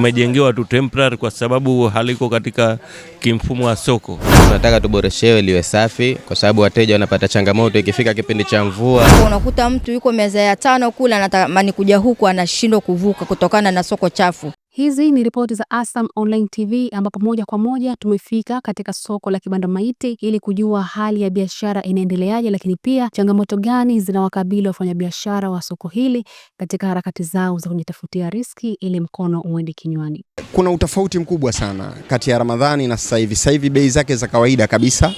umejengewa tu temporary kwa sababu haliko katika kimfumo wa soko. Tunataka tuboreshewe liwe safi, kwa sababu wateja wanapata changamoto ikifika kipindi cha mvua. Unakuta mtu yuko meza ya tano kule anatamani kuja huku anashindwa kuvuka kutokana na soko chafu. Hizi ni ripoti za ASAM Online TV ambapo moja kwa moja tumefika katika soko la Kibanda Maiti ili kujua hali ya biashara inaendeleaje, lakini pia changamoto gani zinawakabili wafanyabiashara wa soko hili katika harakati zao za kujitafutia riski ili mkono uende kinywani. Kuna utofauti mkubwa sana kati ya Ramadhani na sasa hivi. Sasa hivi bei zake za kawaida kabisa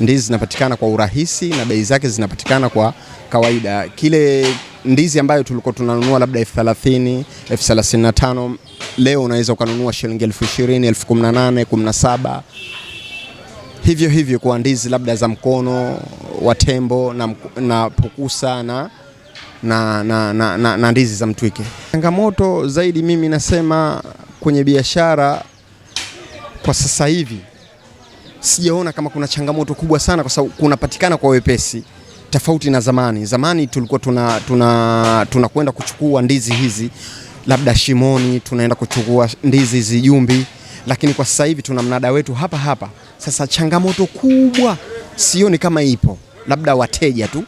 ndizi zinapatikana kwa urahisi na bei zake zinapatikana kwa kawaida kile ndizi ambayo tulikuwa tunanunua labda elfu thelathini elfu thelathini na tano leo unaweza ukanunua shilingi elfu ishirini elfu kumi na nane kumi na saba hivyo hivyo, kwa ndizi labda za mkono wa tembo na, na pukusa na, na, na, na, na, na ndizi za mtwike. Changamoto zaidi mimi nasema kwenye biashara kwa sasa hivi sijaona kama kuna changamoto kubwa sana, kwa sababu kunapatikana kwa wepesi tofauti na zamani. Zamani tulikuwa tuna tunakwenda tuna, tuna kuchukua ndizi hizi labda Shimoni, tunaenda kuchukua ndizi Zijumbi, lakini kwa sasa hivi tuna mnada wetu hapa hapa. Sasa changamoto kubwa sioni kama ipo, labda wateja tu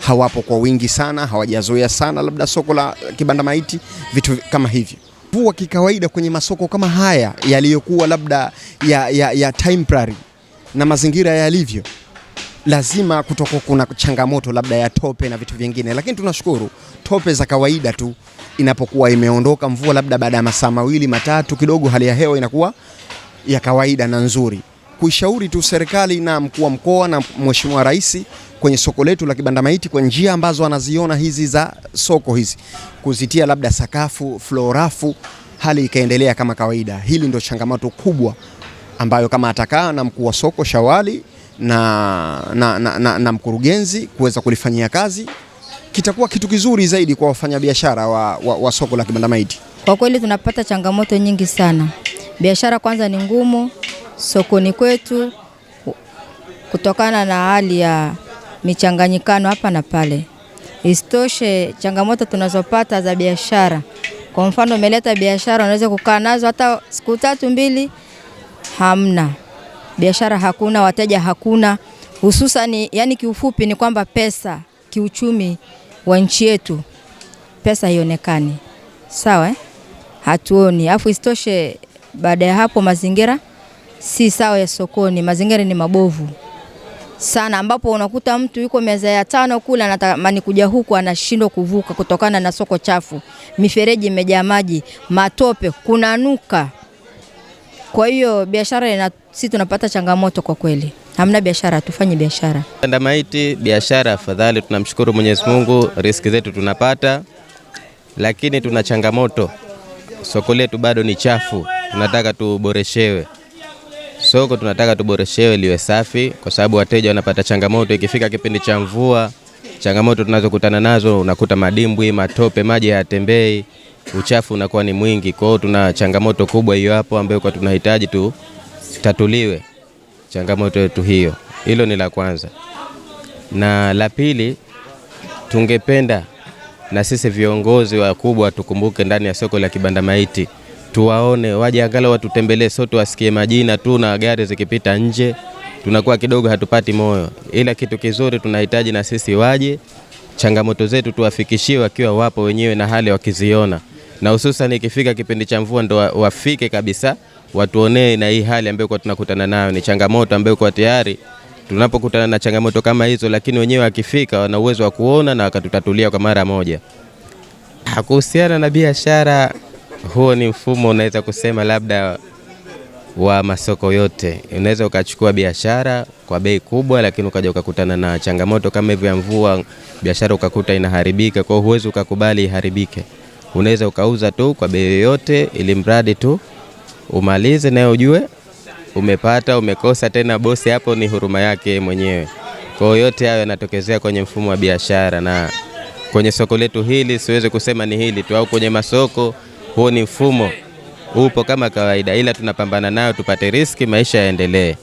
hawapo kwa wingi sana, hawajazoea sana, labda soko la kibanda maiti, vitu kama hivyo. Vua kikawaida kwenye masoko kama haya yaliyokuwa labda ya, ya, ya temporary na mazingira yalivyo lazima kutoko kuna changamoto labda ya tope na vitu vingine, lakini tunashukuru tope za kawaida tu inapokuwa imeondoka mvua, labda baada ya masaa mawili matatu, kidogo hali ya hewa inakuwa ya kawaida na nzuri. Kuishauri tu serikali na mkuu wa mkoa na mheshimiwa rais kwenye soko letu la Kibanda Maiti, kwa njia ambazo anaziona hizi za soko hizi, kuzitia labda sakafu florafu, hali ikaendelea kama kawaida. Hili ndio changamoto kubwa ambayo kama atakaa na mkuu wa soko Shawali na, na, na, na, na mkurugenzi kuweza kulifanyia kazi kitakuwa kitu kizuri zaidi kwa wafanyabiashara wa, wa, wa soko la kibanda maiti Kwa kweli tunapata changamoto nyingi sana. Biashara kwanza ni ngumu sokoni kwetu kutokana na hali ya michanganyikano hapa na pale. Isitoshe, changamoto tunazopata za biashara, kwa mfano umeleta biashara, unaweza kukaa nazo hata siku tatu mbili, hamna biashara hakuna, wateja hakuna, hususan yani, kiufupi ni kwamba pesa, kiuchumi wa nchi yetu pesa haionekani sawa, eh? Hatuoni, afu isitoshe, baada ya hapo mazingira si sawa ya sokoni, mazingira ni mabovu sana, ambapo unakuta mtu yuko meza ya tano kule anatamani kuja huku anashindwa kuvuka kutokana na soko chafu, mifereji imejaa maji, matope, kunanuka. Kwa hiyo biashara ina si tunapata changamoto kwa kweli, hamna biashara, tufanye biashara maiti, biashara afadhali. Tunamshukuru Mwenyezi Mungu, riski zetu tunapata, lakini tuna changamoto. Soko letu bado ni chafu, tunataka tuboreshewe soko, tunataka tuboreshewe liwe safi, kwa sababu wateja wanapata changamoto. Ikifika kipindi cha mvua, changamoto tunazokutana nazo unakuta madimbwi, matope, maji hayatembei uchafu unakuwa ni mwingi. Kwa hiyo tuna changamoto kubwa hiyo hapo ambayo kwa tunahitaji tu tatuliwe changamoto yetu hiyo. Hilo ni la kwanza, na la pili tungependa na sisi viongozi wakubwa tukumbuke ndani ya soko la kibanda maiti, tuwaone waje angalau watutembelee, sio tuwasikie majina tu na gari zikipita nje, tunakuwa kidogo hatupati moyo, ila kitu kizuri tunahitaji na sisi waje, changamoto zetu tuwafikishie wakiwa wapo wenyewe na hali wakiziona na hususan ikifika kipindi cha mvua ndo wafike kabisa watuonee na hii hali ambayo kwa tunakutana nayo ni changamoto ambayo kwa tayari tunapokutana na changamoto kama hizo, lakini wenyewe akifika wana uwezo wa kuona na wakatutatulia kwa mara moja. Kuhusiana na biashara, huo ni mfumo unaweza kusema labda wa masoko yote. Unaweza ukachukua biashara kwa bei kubwa, lakini ukaja ukakutana na changamoto kama hivyo ya mvua, biashara ukakuta inaharibika. Kwa hiyo huwezi ukakubali iharibike unaweza ukauza tu kwa bei yoyote, ili mradi tu umalize na ujue umepata umekosa. Tena bosi hapo ni huruma yake mwenyewe. Kwa hiyo yote hayo yanatokezea kwenye mfumo wa biashara, na kwenye soko letu hili siwezi kusema ni hili tu au kwenye masoko, huo ni mfumo upo kama kawaida, ila tunapambana nayo tupate riski, maisha yaendelee.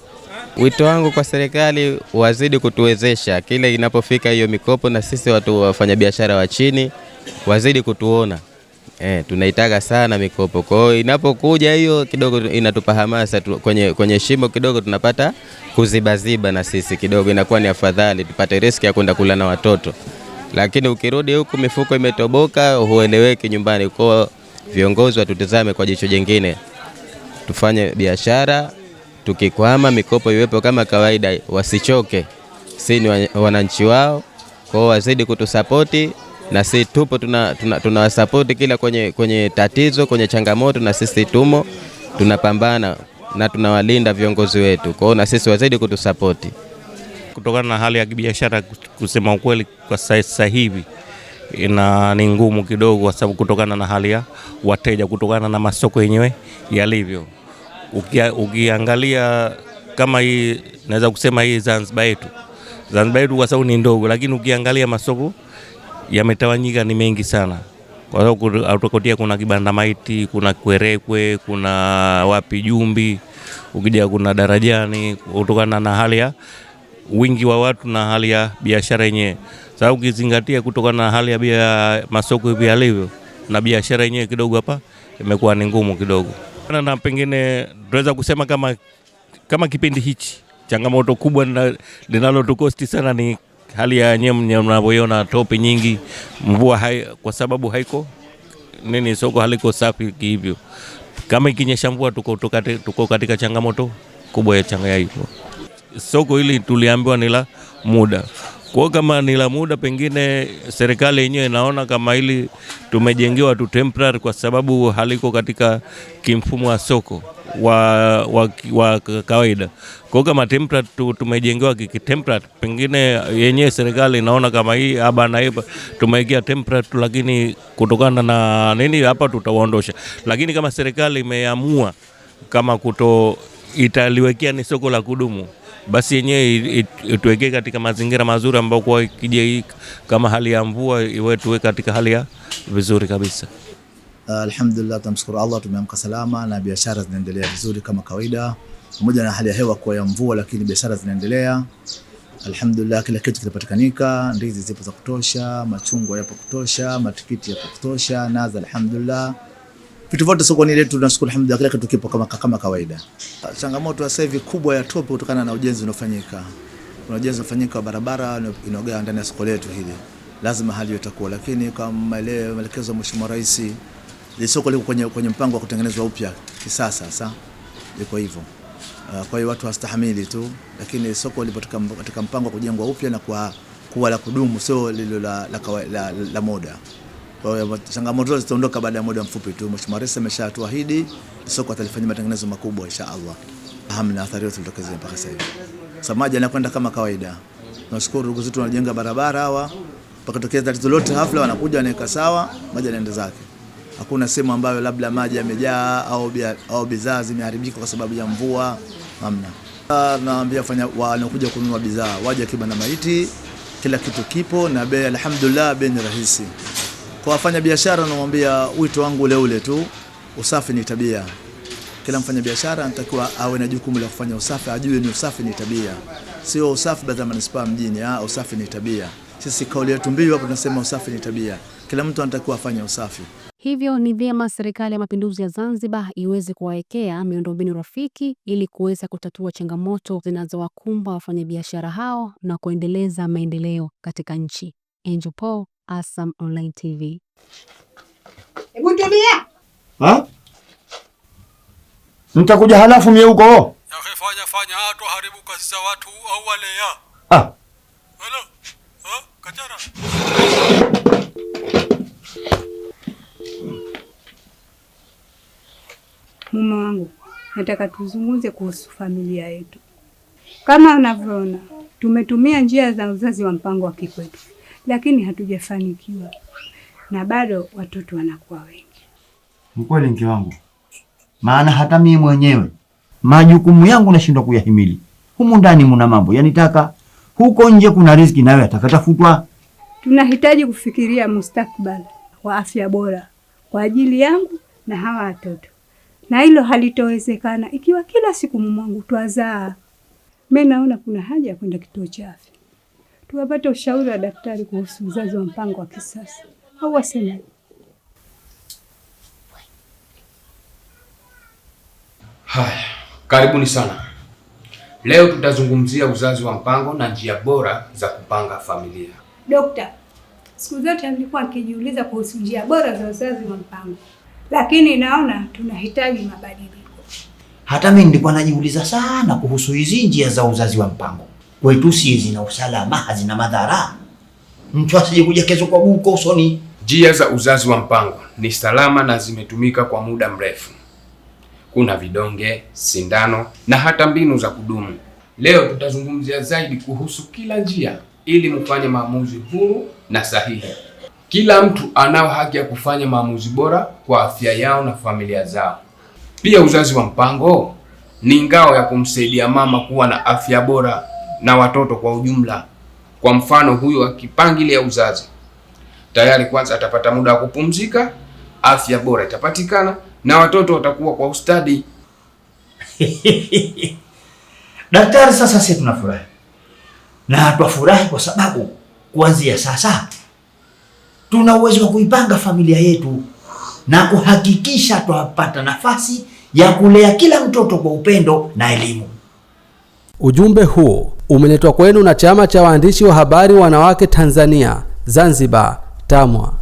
Wito wangu kwa serikali, wazidi kutuwezesha kile inapofika hiyo mikopo, na sisi watu wafanyabiashara wa chini wazidi kutuona eh, tunaitaga sana mikopo. Kwa hiyo inapokuja hiyo kidogo inatupa hamasa tu, kwenye, kwenye shimo kidogo tunapata kuzibaziba na sisi kidogo inakuwa ni afadhali tupate riski ya kwenda kula na watoto, lakini ukirudi huku mifuko imetoboka, hueleweki nyumbani. Kwa viongozi watutizame kwa jicho jingine, tufanye biashara tukikwama mikopo iwepo kama kawaida, wasichoke. Si ni wananchi wao kwao, wazidi kutusapoti na sisi tupo tunawasapoti tuna, tuna kila kwenye, kwenye tatizo kwenye changamoto, na sisi tumo tunapambana na tunawalinda viongozi wetu. kwao, na sisi wazidi kutusapoti kutokana na hali ya kibiashara. Kusema ukweli, kwa sasa hivi ina ni ngumu kidogo, kwa sababu kutokana na hali ya wateja, kutokana na masoko yenyewe yalivyo. ukiangalia kama hii naweza kusema hii Zanzibar yetu Zanzibar yetu kwa sababu ni ndogo, lakini ukiangalia masoko yametawanyika ni mengi sana, kwa sababu Autokotia kuna kibanda maiti, kuna Kwerekwe, kuna wapi Jumbi, ukija kuna Darajani, kutokana na hali ya wingi wa watu na hali ya biashara yenyewe. Sababu ukizingatia kutokana na hali ya masoko hivi alivyo na biashara yenyewe kidogo hapa imekuwa ni ngumu kidogo, na pengine tunaweza kusema kama, kama kipindi hichi changamoto kubwa linalotukosti sana ni hali ya nyewe mnavyoona topi nyingi, mvua hai, kwa sababu haiko nini, soko haliko safi hivyo. Kama ikinyesha mvua, tuko, tuko, tuko katika changamoto kubwa ya changa. Soko hili tuliambiwa ni la muda. Kwa kama ni la muda, pengine serikali yenyewe inaona kama hili tumejengewa tu temporary, kwa sababu haliko katika kimfumo wa soko wa, wa, wa kawaida. Kwa kama temporary tu, tumejengewa temporary, pengine yenyewe serikali inaona kama hii aba na hapa tumewekea temporary tu, lakini kutokana na nini hapa tutawaondosha. Lakini kama serikali imeamua kama kuto italiwekea ni soko la kudumu basi yenyewe ituwekee katika mazingira mazuri ambayo kwa ikija kama hali ya mvua iwe tuwe katika hali ya vizuri kabisa. Ah, alhamdulillah, tunamshukuru Allah, tumeamka salama na biashara zinaendelea vizuri kama kawaida, pamoja na hali ya hewa kuwa ya mvua, lakini biashara zinaendelea Alhamdulillah, kila kitu kinapatikanika. Ndizi zipo za kutosha, machungwa yapo kutosha, matikiti yapo kutosha, nazi alhamdulillah vitu vyote ni letu tunashukuru alhamdulillah, kila kitu kipo kama kama kawaida. Changamoto sasa hivi kubwa ya tope kutokana na ujenzi unaofanyika, kuna ujenzi unafanyika wa barabara inaogawa ndani ya soko letu hili, lazima hali itakuwa, lakini kwa maelekezo ya Mheshimiwa Rais soko liko kwenye, kwenye mpango wa kutengenezwa upya kisasa. Sasa liko hivyo, Uh, kwa hiyo watu wastahimili tu, lakini soko lipo katika mpango wa kujengwa upya na kwa kuwa la kudumu, sio lilo la, la, la, la, la moda. Kwa hiyo changamoto zote zitaondoka baada ya muda mfupi tu. Mheshimiwa Rais ameshatuahidi soko atalifanyia matengenezo makubwa inshaallah. Hamna athari yote zilitokeza mpaka sasa hivi. Samaji anakwenda kama kawaida. Nashukuru ndugu zetu wanajenga barabara hawa. Pakatokea tatizo lote hafla wanakuja wanaweka sawa, maji yanaenda zake. Hakuna sehemu ambayo labda maji yamejaa au bia, au bidhaa zimeharibika kwa sababu ya mvua. Hamna. Ah, Naambia fanya wanakuja kununua bidhaa, waje akiba na maiti, kila kitu kipo na bei alhamdulillah bei rahisi. Kwa wafanya biashara namwambia wito wangu ule ule tu, usafi ni tabia. Kila mfanya biashara anatakiwa awe na jukumu la kufanya usafi, ajue ni usafi ni tabia, sio usafi badala manispaa mjini. Ah, usafi ni tabia. Sisi kauli yetu mbiu hapo tunasema usafi ni tabia, kila mtu anatakiwa afanye usafi. Hivyo ni vyema Serikali ya Mapinduzi ya Zanzibar iweze kuwawekea miundombinu rafiki ili kuweza kutatua changamoto zinazowakumba wafanyabiashara hao na kuendeleza maendeleo katika nchi. Angel Paul, Asam Online TV. Hebu tulia. Ha? Mtakuja halafu mie huko. Ya fanya fanya hatu haribu kazi za watu au wale ya. Ha. Hello. Ha? Kachara. Mume wangu, nataka tuzungumze kuhusu familia yetu. Kama unavyoona, tumetumia njia za uzazi wa mpango wa kikwetu lakini hatujafanikiwa na bado watoto wanakuwa wengi. Mkweli mke wangu, maana hata mimi mwenyewe majukumu yangu nashindwa kuyahimili. Humu ndani muna mambo yanitaka, huko nje kuna riziki nayo atakatafutwa. Tunahitaji kufikiria mustakbali wa afya bora kwa ajili yangu na hawa watoto, na hilo halitowezekana ikiwa kila siku mumwangu twazaa. Mimi naona kuna haja ya kwenda kituo cha afya tuwapate ushauri wa daktari kuhusu uzazi wa mpango wa kisasa au wasemaje? Haya, karibuni sana. Leo tutazungumzia uzazi wa mpango na njia bora za kupanga familia. Dokta, siku zote nilikuwa nikijiuliza kuhusu njia bora za uzazi wa mpango, lakini naona tunahitaji mabadiliko. Hata mimi nilikuwa najiuliza sana kuhusu hizi njia za uzazi wa mpango, si zina usalama, hazina madhara. Mtu asije kuja kesho kwa guko usoni. Njia za uzazi wa mpango ni salama na zimetumika kwa muda mrefu. Kuna vidonge, sindano na hata mbinu za kudumu. Leo tutazungumzia zaidi kuhusu kila njia ili mfanye maamuzi huru na sahihi. Kila mtu anao haki ya kufanya maamuzi bora kwa afya yao na familia zao. Pia uzazi wa mpango ni ngao ya kumsaidia mama kuwa na afya bora na watoto kwa ujumla. Kwa mfano, huyu akipangilia uzazi tayari, kwanza atapata muda wa kupumzika, afya bora itapatikana na watoto watakuwa kwa ustadi. Daktari, sasa sisi tunafurahi na twafurahi kwa sababu kuanzia sasa tuna uwezo wa kuipanga familia yetu na kuhakikisha twapata nafasi ya kulea kila mtoto kwa upendo na elimu. Ujumbe huo umeletwa kwenu na Chama cha Waandishi wa Habari Wanawake Tanzania Zanzibar, TAMWA.